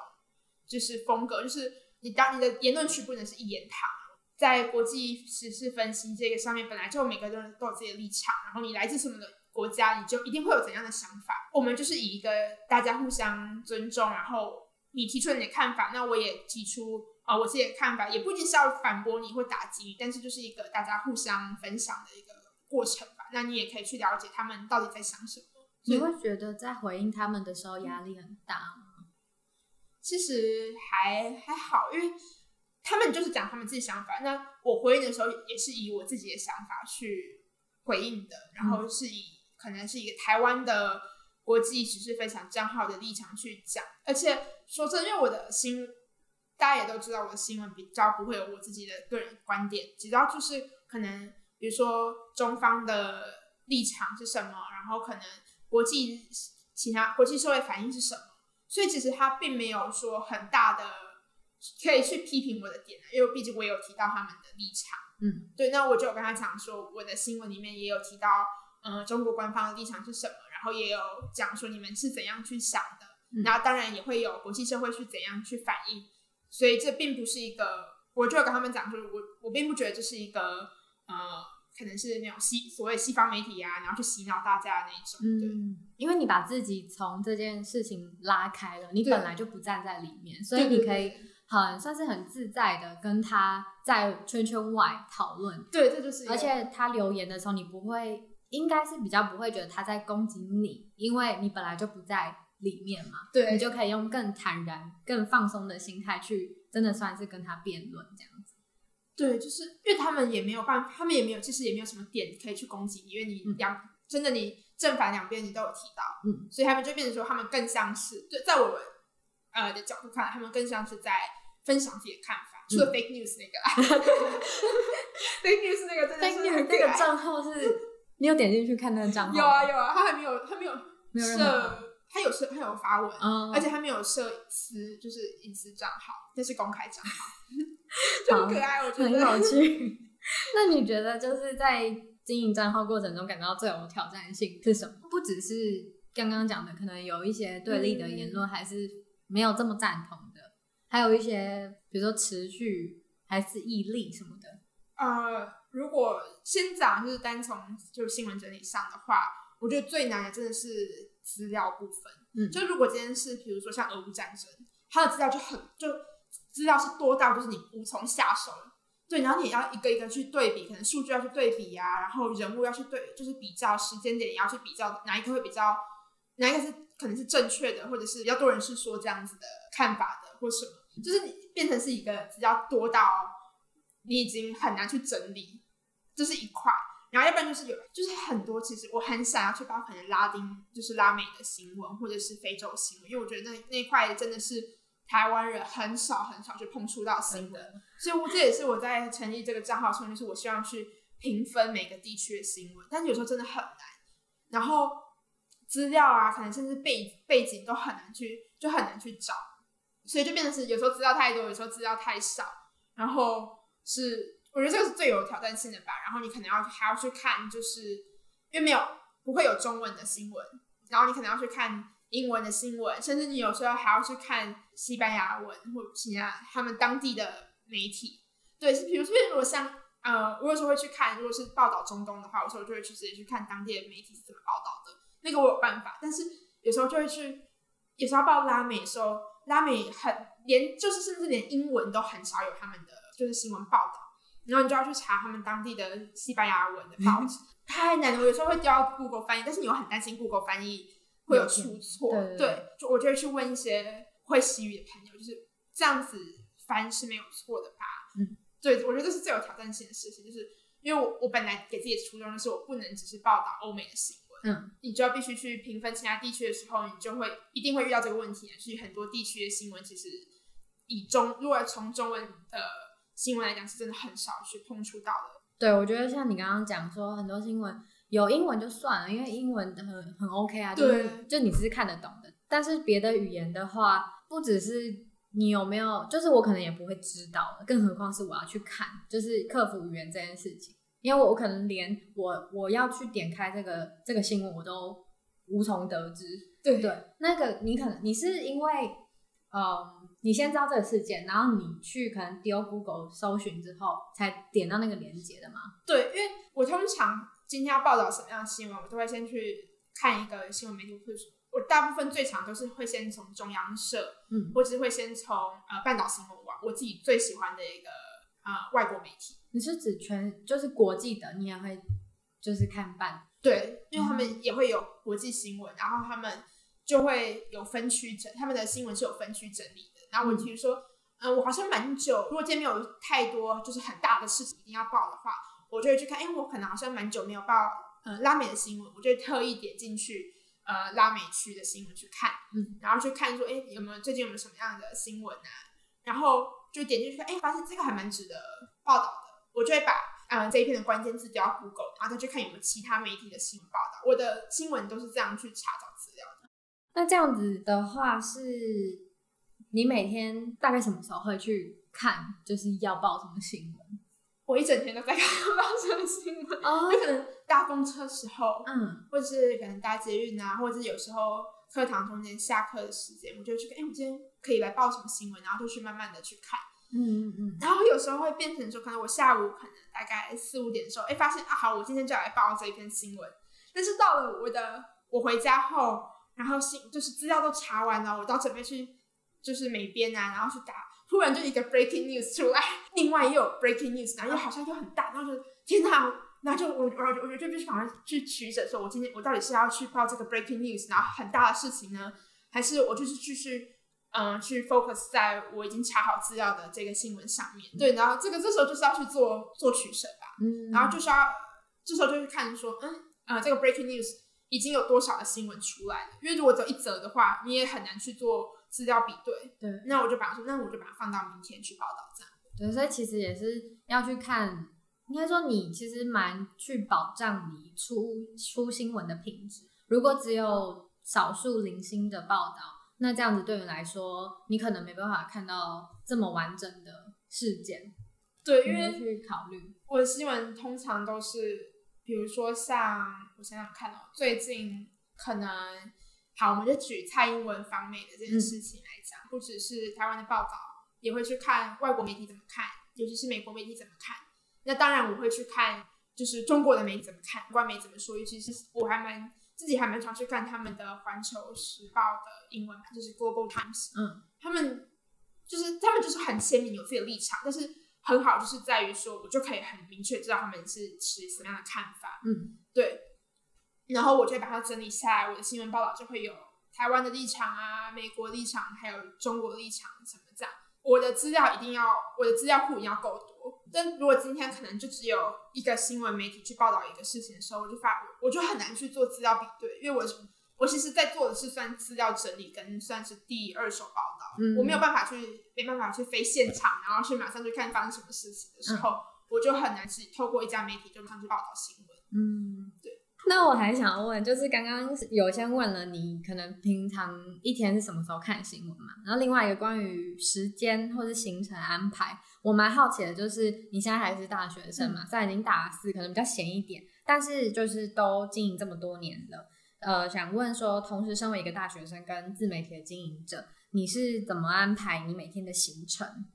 就是風格，就是你當你的言論區不能是一言堂，在國際時事分析這個上面本來就每個人都有自己的立場，然後你來自什麼的國家，你就一定會有怎樣的想法。我們就是以一個大家互相尊重，然後你提出你的看法，那我也提出。啊、哦，我自己的看法也不一定是要反駁你或打擊你，但是就是一個大家互相分享的一個過程吧。那你也可以去了解他們到底在想什麼。所以你會覺得在回應他們的時候壓力很大嗎？其實還還好，因為他們就是講他們自己想法，那我回應的時候也是以我自己的想法去回應的，然後是以、嗯、可能是一個台灣的國際時事非常良好的立場去講。而且說真的，因為我的心。大家也都知道，我的新聞比較不會有我自己的個人觀點，只要就是可能，比如說中方的立場是什麼，然後可能國際其他國際社會反應是什麼，所以其實他並沒有說很大的可以去批評我的點，因為畢竟我也有提到他們的立場。嗯，對，那我就有跟他講說，我的新聞裡面也有提到，嗯，中國官方的立場是什麼，然後也有講說你們是怎樣去想的，然後當然也會有國際社會去怎樣去反應。所以這並不是一個，我就跟他們講，就是我我並不覺得這是一個，呃，可能是那種西所謂西方媒體啊，然後去洗腦大家的那一種。對，嗯，因為你把自己從這件事情拉開了，你本來就不站在裡面，對所以你可以很對對對算是很自在的跟他在圈圈外討論。對，這就是。而且他留言的時候，你不會，應該是比較不會覺得他在攻擊你，因為你本來就不在。裡面嘛，對，你就可以用更坦然、更放鬆的心態去，真的算是跟他辯論這樣子。對，就是因為他們也沒有辦法，他們也沒有，其實也沒有什麼點可以去攻擊你，因為你兩、嗯、真的你正反兩邊你都有提到，嗯，所以他們就變成說，他們更像是對，在我們呃的角度看，他們更像是在分享自己的看法，嗯、除了 fake news 那個，fake news 那個真的是那個賬號是你有點進去看那個賬號，有啊有啊，他還沒有，他沒有設。沒有他有設，他有發文，嗯、而且他沒有設私，就是隱私賬號，那是公開賬號，好 可愛，好我覺得很好聽。 那你覺得就是在經營賬號過程中，感到最有挑戰性是什麼？不只是剛剛講的，可能有一些對立的言論，還是沒有這麼贊同的，嗯、還有一些，比如說持續還是毅力什麼的。呃，如果先講就是單從就新聞整理上的話，我覺得最難的真的是。資料部分，嗯，就如果今天是，比如說像俄烏戰爭，它的資料就很就資料是多到就是你無從下手，對，然後你也要一個一個去對比，可能數據要去對比啊，然後人物要去對，就是比較時間點也要去比較，哪一個會比較，哪一個是可能是正確的，或者是比較多人是說這樣子的看法的，或什麼，就是你變成是一個比較多到你已經很難去整理，這，就是一塊。然後要不然就是有，就是很多。其實我很想要去包含拉丁，就是拉美的新聞或者是非洲新聞，因為我覺得那那塊真的是台灣人很少很少去碰觸到新聞。嗯、所以這也是我在成立這個賬號時候，就是我希望去平分每個地區的新聞。但是有時候真的很難，然後資料啊，可能甚至背背景都很難去，就很難去找。所以就變成是有時候資料太多，有時候資料太少，然後是。我覺得這個是最有挑戰性的吧。然後你可能要還要去看，就是因為沒有不會有中文的新聞，然後你可能要去看英文的新聞，甚至你有時候還要去看西班牙文或其他他們當地的媒體。對，是，比如說，如果像呃，我有時候會去看，如果是報道中東的話，我有時候就會去直接去看當地的媒體是怎麼報道的。那個我有辦法，但是有時候就會去，有時候報拉美的時候，拉美很連就是甚至連英文都很少有他們的就是新聞報道然後你就要去查他們當地的西班牙文的報紙， 太難了。我有時候會丟到 Google 翻譯，但是你又很擔心 Google 翻譯會有出錯。Okay, 對,對,對,對，就我就會去問一些會西語的朋友，就是這樣子翻是沒有錯的吧？嗯，對，我覺得這是最有挑戰性的事情，就是因為我我本來給自己出的初衷就是我不能只是報道歐美的新聞，嗯，你就要必須去評分其他地區的時候，你就會一定會遇到這個問題，所以很多地區的新聞其實以中如果從中文的。呃新聞來講是真的很少去碰觸到的。對，我覺得像你剛剛講說，很多新聞有英文就算了，因為英文很很 OK 啊，就對就你是看得懂的。但是別的語言的話，不只是你有沒有，就是我可能也不會知道的，更何況是我要去看，就是克服語言這件事情，因為我我可能連我我要去點開這個這個新聞，我都無從得知。對對，那個你可能你是因為。嗯、哦，你先知道這個事件，然後你去可能丟 Google 搜尋之後，才點到那個鏈接的嗎？對，因為我通常今天要報道什麼樣的新聞，我都會先去看一個新聞媒體。會說我我大部分最常都是會先從中央社，嗯，或者是會先從呃半島新聞網，我自己最喜歡的一個呃外國媒體。你是指全就是國際的，你也會就是看半？對，因為他們也會有國際新聞，嗯、哼然後他們。就會有分區整，他們的新聞是有分區整理的。然後我譬如說，嗯、呃，我好像蠻久，如果今天沒有太多就是很大的事情一定要報的話，我就會去看。因為我可能好像蠻久沒有報，嗯、呃，拉美的新聞，我就會特意點進去，呃，拉美區的新聞去看，嗯，然後去看說，哎，有沒有最近有沒有什麼樣的新聞啊？然後就點進去看，哎，發現這個還蠻值得報道的，我就會把，嗯、呃，這一篇的關鍵字都要 Google，然後再去看有沒有其他媒體的新聞報道。我的新聞都是這樣去查找資料的。那這樣子的話，是你每天大概什麼時候會去看？就是要報什麼新聞？我一整天都在看要報什麼新聞，就可能搭公車時候，嗯，或者是可能搭捷運啊，或者是有時候課堂中間下課的時間，我就去看。哎，我今天可以來報什麼新聞？然後就去慢慢的去看，嗯嗯。嗯，然後有時候會變成說，可能我下午可能大概四五點的時候，哎，發現啊，好，我今天就要來報這一篇新聞。但是到了我的，我回家後。然後新，就是資料都查完了，我到準備去就是美編啊，然後去打，突然就一個 breaking news 出來，另外也有 breaking news 啊，又好像又很大。然後就天哪，然後就我我我就我就去反而去取捨說，說我今天我到底是要去報這個 breaking news、然後很大的事情呢，還是我就是繼續嗯、呃、去 focus 在我已經查好資料的這個新聞上面。對，然後這個這時候就是要去做做取捨吧。嗯。然後就是要這時候就去看說，嗯嗯、呃、這個 breaking news。已經有多少的新聞出來了？因為如果只有一則的話，你也很難去做資料比對。對，那我就把它說，那我就把它放到明天去報道這樣。對，所以其實也是要去看，應該說你其實蠻去保障你出出新聞的品質。如果只有少數零星的報道，那這樣子對你來說，你可能沒辦法看到這麼完整的事件。對，因為考慮我的新聞通常都是。比如說像我想想看哦，最近可能，好，我們就舉蔡英文訪美的這件事情來講，嗯、不只是台灣的報道，也會去看外國媒體怎麼看，尤其是美國媒體怎麼看。那當然我會去看，就是中國的媒體怎麼看，外媒怎麼說。尤其是我還蠻自己還蠻常去看他們的《環球時報》的英文版，就是 Global Times。嗯他、就是，他們就是他們就是很鮮明有自己的立場，但是。很好，就是在於說，我就可以很明確知道他們是持什麼樣的看法，嗯，對。然後我就把它整理下來，我的新聞報道就會有台灣的立場啊、美國立場，還有中國的立場什麼這樣。我的資料一定要，我的資料庫一定要夠多。但如果今天可能就只有一個新聞媒體去報道一個事情的時候，我就發，我就很難去做資料比對，因為我。我其實，在做的是算資料整理跟算是第二手報道，嗯、我沒有辦法去，沒辦法去飛現場，然後去馬上去看發生什麼事情的時候，嗯、我就很難去透過一家媒體就上去報道新聞。嗯，對。那我還想問，就是剛剛有先問了你，可能平常一天是什麼時候看新聞嘛？然後另外一個關於時間或是行程安排，我蠻好奇的，就是你現在還是大學生嘛，雖然已經、嗯、大四可能比較閒一點，但是就是都經營這麼多年了。呃，想問說，同時身為一個大學生跟自媒體的經營者，你是怎麼安排你每天的行程？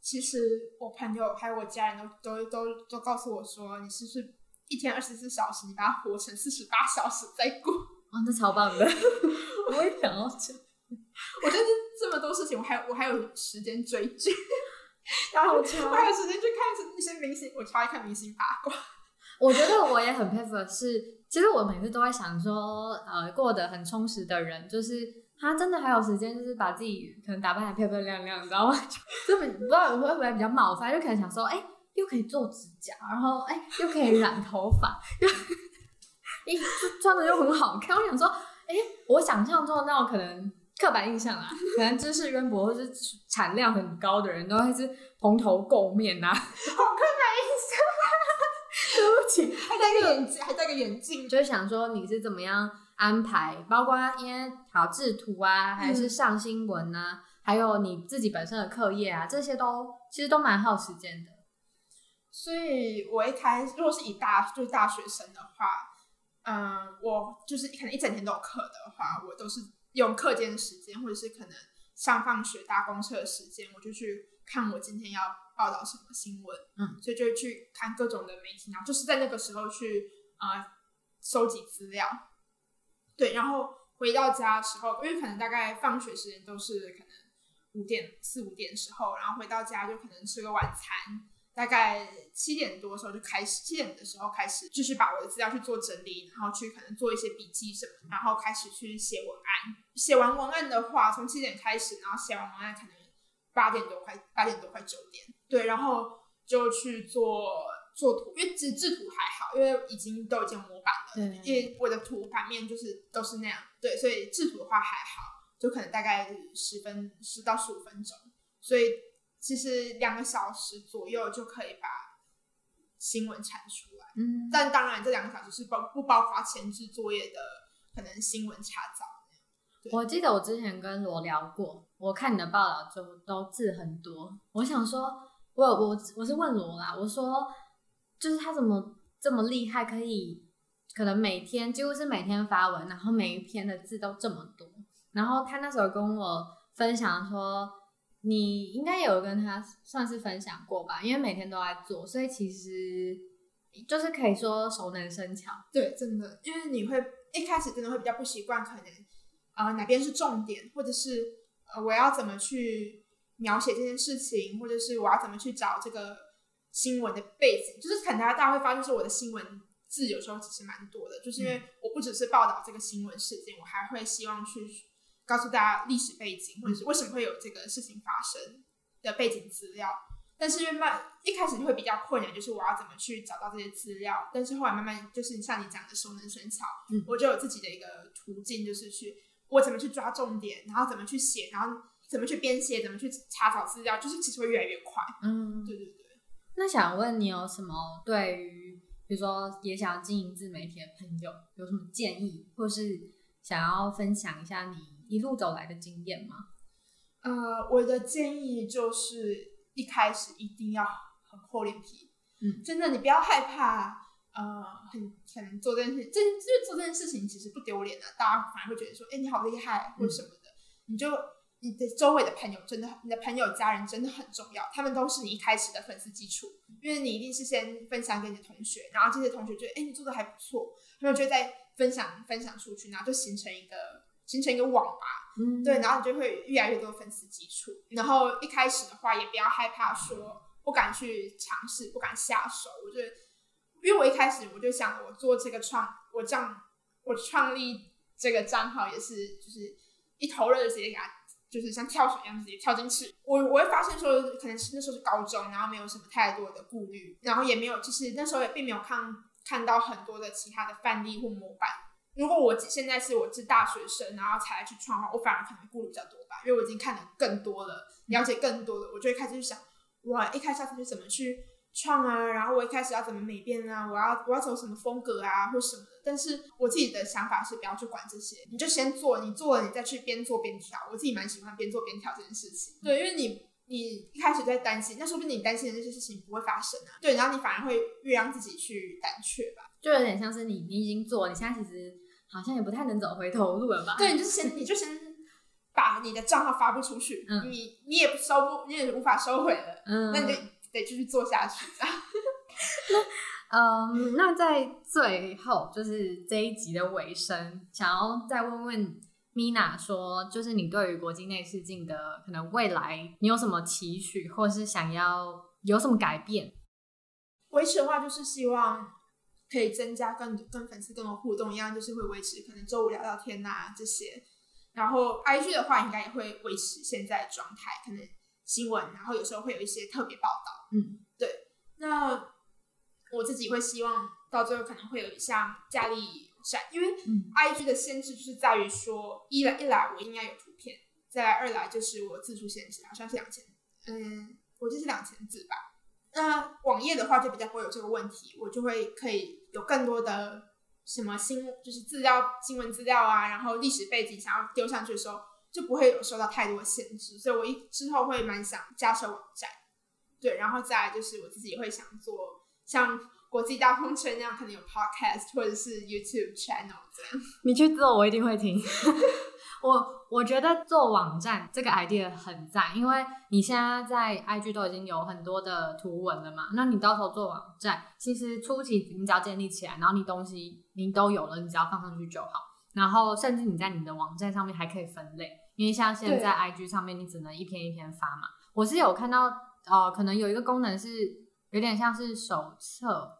其實我朋友還有我家人都都都都告訴我說，你是不是一天二十四小時，你把它活成四十八小時再過哦？那超棒的， 我也想要這樣。 我真是這麼多事情，我還我還有時間追劇，然後我還有時間去看一些明星，我超愛看明星八卦。 我覺得我也很佩服的是，其實我每次都在想說，呃，過得很充實的人，就是他真的還有時間，就是把自己可能打扮的漂漂亮亮，你知道嗎？就，就，就不知道會不會比較冒犯，就可能想說，哎、欸，又可以做指甲，然後哎、欸，又可以染頭髮，又，一、欸、穿的又很好看。我想說，哎、欸，我想象中的那種可能刻板印象啊，可能知識淵博或是產量很高的人都還是蓬頭垢面啊。 還戴個眼鏡，以還戴個眼鏡，就是想說你是怎麼樣安排，包括因為調製圖啊，還是上新聞啊，嗯、還有你自己本身的課業啊，這些都其實都蠻耗時間的。所以，我一開，如果是以大就是大學生的話，嗯，我就是可能一整天都有課的話，我都是用課間的時間，或者是可能上放學搭公車的時間，我就去看我今天要報道什麼新聞？嗯，所以就去看各種的媒體，然後就是在那個時候去啊、呃、收集資料，對。然後回到家的時候，因為可能大概放學時間都是可能五點四五點的時候，然後回到家就可能吃個晚餐，大概七點多的時候就開始，七點的時候開始就是把我的資料去做整理，然後去可能做一些筆記什麼，然後開始去寫文案。寫完文案的話，從七點開始，然後寫完文案可能八點多快，八點多快九點。對，然後就去做做圖，因為製製圖還好，因為已經都有已經模板了，對因為我的圖版面就是都是那樣，對，所以製圖的話還好，就可能大概十分十到十五分鐘，所以其實兩個小時左右就可以把新聞產出來，嗯，但當然這兩個小時是包不包括前置作業的可能新聞查找。我記得我之前跟羅聊過，我看你的報道就都字很多，我想說。我我我是問羅啦，我說就是他怎麼這麼厲害，可以可能每天幾乎是每天發文，然後每一篇的字都這麼多。然後他那時候跟我分享說，你應該有跟他算是分享過吧，因為每天都在做，所以其實就是可以說熟能生巧。對，真的，因為你會一開始真的會比較不習慣，可能啊，呃，哪邊是重點，或者是呃我要怎麼去。描寫這件事情，或者是我要怎麼去找這個新聞的背景，就是可能大家會發現，是我的新聞字有時候其實蠻多的，就是因為我不只是報道這個新聞事件，我還會希望去告訴大家歷史背景，或者是為什麼會有這個事情發生的背景資料。但是因為慢一開始就會比較困難，就是我要怎麼去找到這些資料，但是後來慢慢就是像你講的熟能生巧，我就有自己的一個途徑，就是去我怎麼去抓重點，然後怎麼去寫，然後。怎麼去編寫，怎麼去查找資料，就是其實會越來越快。嗯，對對對。那想問你有什麼對於，比如說也想要經營自媒體的朋友有什麼建議，或是想要分享一下你一路走來的經驗嗎？呃，我的建議就是一開始一定要很厚臉皮。嗯，真的，你不要害怕。呃，很很做這件事，真就做這件事情其實不丟臉的。啊，大家反而會覺得說，哎，你好厲害，或什麼的。嗯，你就。你的周圍的朋友真的，你的朋友家人真的很重要，他們都是你一開始的粉絲基礎。因為你一定是先分享給你的同學，然後這些同學覺得，哎，你做的還不錯，然後就在再分享分享出去，然後就形成一個形成一個網吧，嗯，對，然後你就會越來越多粉絲基礎。然後一開始的話，也不要害怕說不敢去嘗試，不敢下手。我覺得，因為我一開始我就想，我做這個創，我這樣，我創立這個賬號也是就是一頭熱就直接給他。就是像跳水一樣直接跳進去，我我會發現說，可能是那時候是高中，然後沒有什麼太多的顧慮，然後也沒有，就是那時候也並沒有看看到很多的其他的範例或模板。如果我現在是我是大學生，然後才來去創的話，我反而可能顧慮比較多吧，因為我已經看了更多了，了解更多了，我就會開始想，哇，一開始下去怎麼去。創啊，然後我一開始要怎麼美編啊？我要我要走什麼風格啊，或什麼的。但是我自己的想法是不要去管這些，你就先做，你做了你再去邊做邊調。我自己蠻喜歡邊做邊調這件事情。嗯、對，因為你你一開始在擔心，那說不定你擔心的那些事情不會發生啊。對，然後你反而會越讓自己去膽怯吧。就有點像是你你已經做，你現在其實好像也不太能走回頭路了吧？對，你就先你就先把你的賬號發布出去，嗯、你你也收不你也無法收回了，嗯，那你就，得繼續做下去 那嗯，那在最後就是這一集的尾聲，想要再問問 Mena 說，就是你對於國際內世鏡的可能未來，你有什麼期許，或者是想要有什麼改變？維持的話，就是希望可以增加跟跟粉絲跟我互動一樣，就是會維持可能周五聊聊天吶、啊、這些。然後 IG 的話，應該也會維持現在的狀態，可能。新聞，然後有時候會有一些特別報道。嗯，對。那我自己會希望到最後可能會有一項家裡善，因為 I G 的限制就是在於說，一來一來我應該有圖片，再來二來就是我字數限制，好像是兩千。嗯，我就是兩千字吧。那網頁的話就比較不會有這個問題，我就會可以有更多的什麼新，就是資料、新聞資料啊，然後歷史背景想要丟上去的時候。就不會有受到太多限制，所以我一之後會蠻想加設網站，對，然後再來就是我自己會想做像國際大風吹那樣，可能有 podcast 或者是 YouTube channel 這樣。你去做，我一定會聽。 我我覺得做網站這個 idea 很贊，因為你現在在 IG 都已經有很多的圖文了嘛，那你到時候做網站，其實初期你只要建立起來，然後你東西你都有了，你只要放上去就好。然後甚至你在你的網站上面還可以分類。因為像現在 IG 上面，你只能一篇一篇發嘛。對我是有看到，呃，可能有一個功能是有點像是手冊的，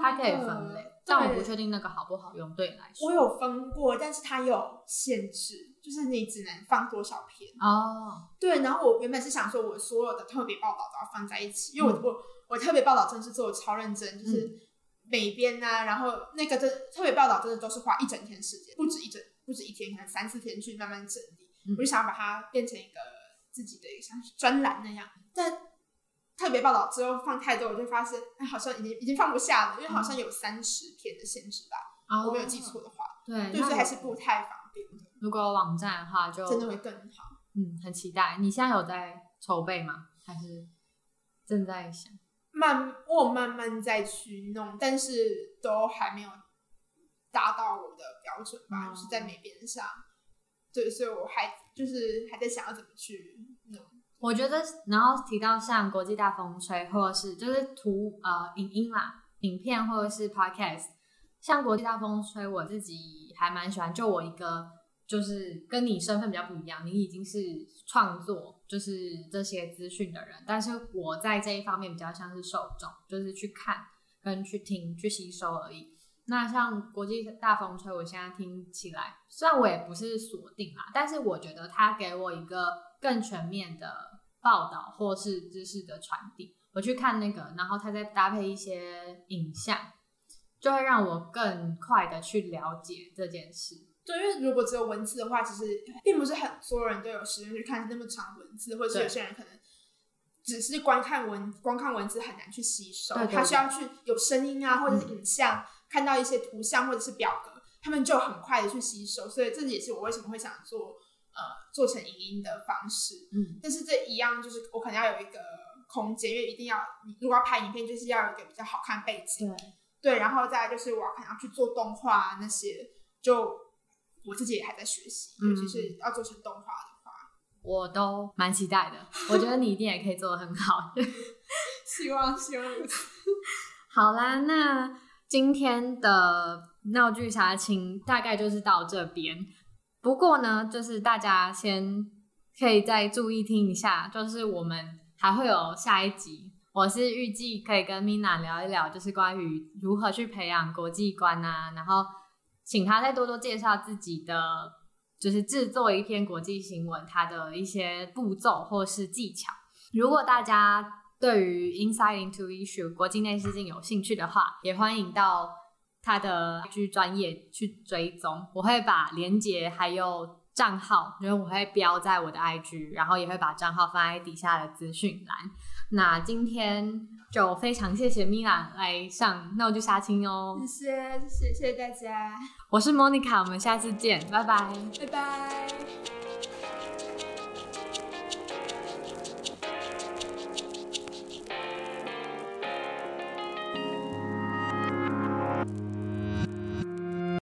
它、那個、可以分類，對但我不確定那個好不好用對你來說。我有分過，但是它有限制，就是你只能放多少篇。哦，oh. 對。然後我原本是想說，我所有的特別報道都要放在一起，因為我、嗯、我我特別報道真的是做的超認真，就是每篇啊，然後那個真特別報道真的都是花一整天時間，不止一整不止一天，可能三四天去慢慢整理。我就想把它變成一個自己的一個像專欄那樣，嗯、但特別報道之後放太多，我就發現哎，好像已經已經放不下了，嗯、因為好像有三十篇的限制吧，啊、我沒有記錯的話。嗯、對，對所以還是不太方便如果網站的話就，就真的會更好。嗯，很期待。你現在有在籌備嗎？還是正在想？慢，我慢慢再去弄，但是都還沒有達到我的標準吧，嗯、就是在美編上。對，所以我還就是還在想要怎麼去。嗯、我覺得，然後提到像國際大風吹，或者是就是圖呃影音啦、影片，或者是 podcast，像國際大風吹，我自己還蠻喜歡。就我一個，就是跟你身份比較不一樣，你已經是創作就是這些資訊的人，但是我在這一方面比較像是受眾，就是去看跟去聽去吸收而已。那像國際大風吹，我現在聽起來，雖然我也不是鎖定啊，但是我覺得它給我一個更全面的報道或是知識的傳遞。我去看那個，然後它再搭配一些影像，就會讓我更快的去了解這件事。對，因為如果只有文字的話，其實並不是很所有人都有時間去看那麼長文字，或是有些人可能只是光看文，光看文字很難去吸收，對，他需要去有聲音啊，或者是影像。嗯看到一些圖像或者是表格，他們就很快的去吸收，所以這也是我為什麼會想做呃做成影音的方式，嗯。但是這一樣就是我可能要有一個空間，因為一定要如果要拍影片，就是要有一個比較好看背景，對，對。然後再就是我可能要去做動畫那些，就我自己也還在學習，尤其是要做成動畫的話，嗯、我都蠻期待的。 我覺得你一定也可以做得很好。 希望希望好啦，那。今天的鬧劇殺青大概就是到這邊。不過呢，就是大家先可以再注意聽一下，就是我們還會有下一集。我是預計可以跟 Mena 聊一聊，就是關於如何去培養國際觀啊，然後請她再多多介紹自己的，就是製作一篇國際新聞它的一些步驟或是技巧。如果大家，對於 insight into issue 國際內世鏡有興趣的話，也歡迎到他的 IG 專業去追蹤。我會把連結還有賬號，因為我會標在我的 IG，然後也會把賬號放在底下的資訊欄。那今天就非常謝謝 Mena 來上，那我就殺青哦。謝謝謝謝謝謝大家，我是 Monica，我們下次見，拜拜，拜拜。拜拜。